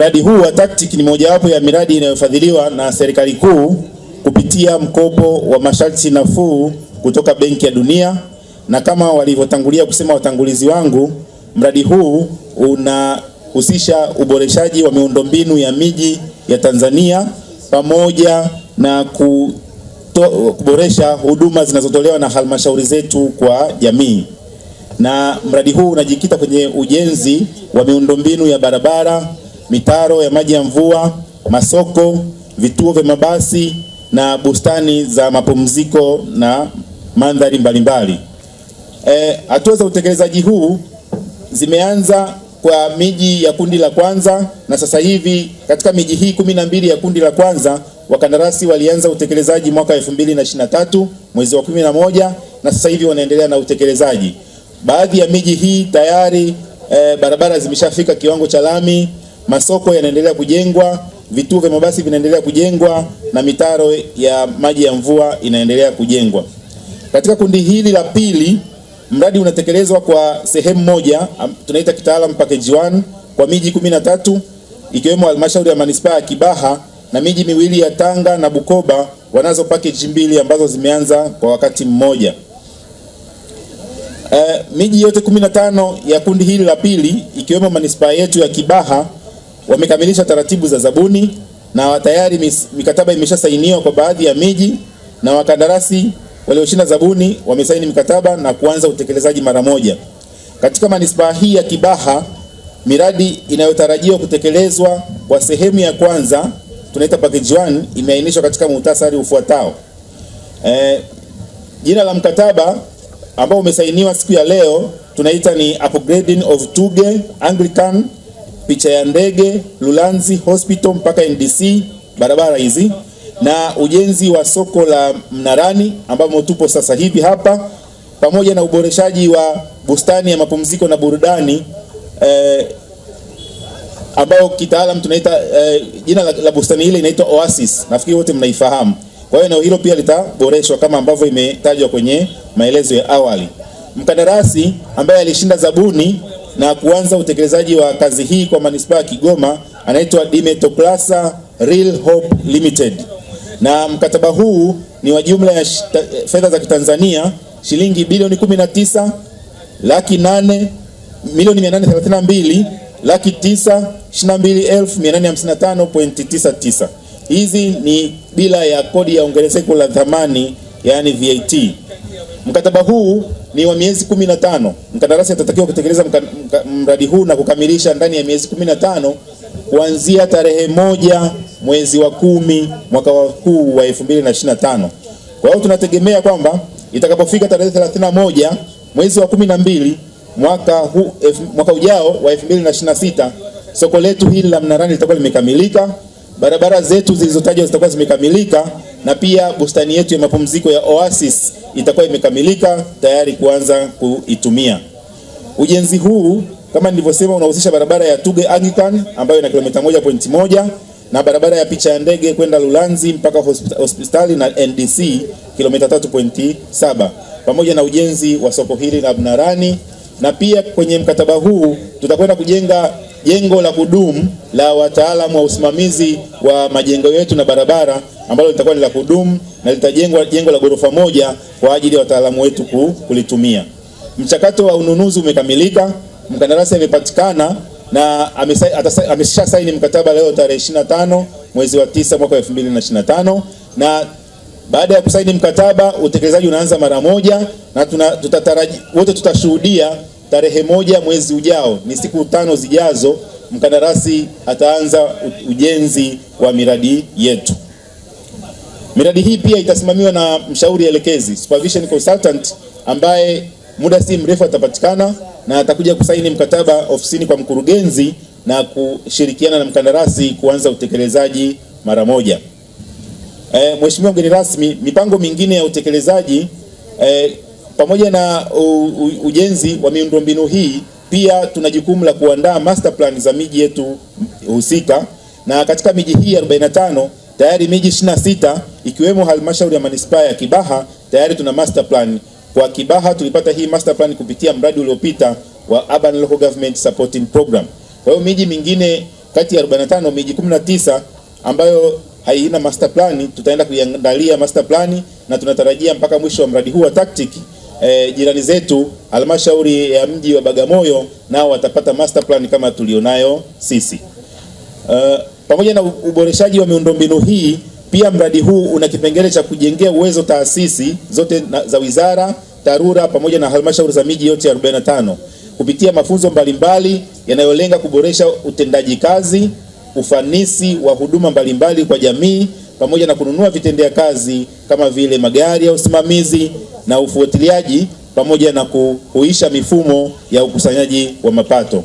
Mradi huu wa TACTIC ni mojawapo ya miradi inayofadhiliwa na serikali kuu kupitia mkopo wa masharti nafuu kutoka Benki ya Dunia, na kama walivyotangulia kusema watangulizi wangu, mradi huu unahusisha uboreshaji wa miundombinu ya miji ya Tanzania pamoja na kuto, kuboresha huduma zinazotolewa na halmashauri zetu kwa jamii. Na mradi huu unajikita kwenye ujenzi wa miundombinu ya barabara mitaro ya maji ya mvua, masoko, vituo vya mabasi na bustani za mapumziko na mandhari mbalimbali. E, hatua e, za utekelezaji huu zimeanza kwa miji ya kundi la kwanza na sasa hivi katika miji hii kumi na mbili ya kundi la kwanza wakandarasi walianza utekelezaji mwaka 2023 mwezi wa 11 na sasa hivi wanaendelea na utekelezaji. Baadhi ya miji hii tayari e, barabara zimeshafika kiwango cha lami masoko yanaendelea kujengwa, vituo vya mabasi vinaendelea kujengwa na mitaro ya maji ya mvua inaendelea kujengwa. Katika kundi hili la pili, mradi unatekelezwa kwa sehemu moja, tunaita kitaalam package 1 kwa miji 13 ikiwemo halmashauri ya manispaa ya Kibaha na miji miwili ya Tanga na Bukoba wanazo package mbili ambazo zimeanza kwa wakati mmoja. Uh, miji yote 15 ya kundi hili la pili ikiwemo manispaa yetu ya Kibaha wamekamilisha taratibu za zabuni na tayari mikataba imeshasainiwa kwa baadhi ya miji na wakandarasi walioshinda zabuni wamesaini mikataba na kuanza utekelezaji mara moja. Katika manispaa hii ya Kibaha, miradi inayotarajiwa kutekelezwa kwa sehemu ya kwanza tunaita package 1 imeainishwa katika muhtasari ufuatao. E, jina la mkataba ambao umesainiwa siku ya leo tunaita ni upgrading of Tuge Anglican picha ya ndege Lulanzi Hospital mpaka NDC barabara hizi na ujenzi wa soko la Mnarani ambapo tupo sasa hivi hapa, pamoja na uboreshaji wa bustani ya mapumziko na burudani eh, ambayo kitaalam tunaita eh, jina la, la bustani ile inaitwa Oasis. Nafikiri wote mnaifahamu. Kwa hiyo eneo hilo pia litaboreshwa kama ambavyo imetajwa kwenye maelezo ya awali. Mkandarasi ambaye alishinda zabuni na kuanza utekelezaji wa kazi hii kwa manispaa ya Kigoma anaitwa dimetoplasa Real Hope Limited, na mkataba huu ni wa jumla ya fedha za Kitanzania shilingi bilioni 19 laki 8 milioni 832 laki 9 22855.99. Hizi ni bila ya kodi ya ongezeko la thamani yani VAT. Mkataba huu ni wa miezi 15. Mkandarasi atatakiwa kutekeleza mradi huu na kukamilisha ndani ya miezi 15 kuanzia tarehe moja mwezi wa kumi mwaka huu wa 2025. Kwa hiyo tunategemea kwamba itakapofika tarehe 31 mwezi wa 12 mwaka huu mwaka ujao wa 2026 soko letu hili la Mnarani litakuwa limekamilika, barabara zetu zilizotajwa zitakuwa zimekamilika na pia bustani yetu ya mapumziko ya Oasis itakuwa imekamilika tayari kuanza kuitumia. Ujenzi huu kama nilivyosema, unahusisha barabara ya Tuge Anglican ambayo ina kilomita moja moja na barabara ya picha ya ndege kwenda Lulanzi mpaka hospitali na NDC kilomita 3.7 pamoja na ujenzi wa soko hili la Mnarani, na pia kwenye mkataba huu tutakwenda kujenga jengo la kudumu la wataalamu wa usimamizi wa majengo yetu na barabara ambalo litakuwa ni la kudumu na litajengwa jengo la ghorofa moja kwa ajili ya wataalamu wetu kulitumia. Mchakato wa ununuzi umekamilika, mkandarasi amepatikana na amesha saini mkataba leo tarehe 25 mwezi wa 9 mwaka 2025 na baada ya kusaini mkataba utekelezaji unaanza mara moja, na tutataraji wote tutashuhudia tarehe moja mwezi ujao, ni siku tano zijazo, mkandarasi ataanza ujenzi wa miradi yetu. Miradi hii pia itasimamiwa na mshauri elekezi supervision consultant, ambaye muda si mrefu atapatikana na atakuja kusaini mkataba ofisini kwa mkurugenzi na kushirikiana na mkandarasi kuanza utekelezaji mara moja. E, Mheshimiwa mgeni rasmi, mipango mingine ya utekelezaji e, pamoja na u, u, ujenzi wa miundombinu hii pia tuna jukumu la kuandaa master plan za miji yetu husika, na katika miji hii 45 Tayari miji 26 ikiwemo halmashauri ya manispaa ya Kibaha tayari tuna master plan. Kwa Kibaha tulipata hii master plan kupitia mradi uliopita wa Urban Local Government Supporting Program. Kwa hiyo miji mingine kati ya 45 miji 19 ambayo haina master plan tutaenda kuiangalia master plan na tunatarajia mpaka mwisho wa mradi huu wa tactic e, jirani zetu halmashauri ya mji wa Bagamoyo nao watapata master plan kama tulionayo sisi. Uh, pamoja na uboreshaji wa miundombinu hii, pia mradi huu una kipengele cha kujengea uwezo taasisi zote na, za wizara, TARURA pamoja na halmashauri za miji yote 45 kupitia mafunzo mbalimbali yanayolenga kuboresha utendaji kazi, ufanisi wa huduma mbalimbali kwa jamii pamoja na kununua vitendea kazi kama vile magari ya usimamizi na ufuatiliaji pamoja na kuhuisha mifumo ya ukusanyaji wa mapato.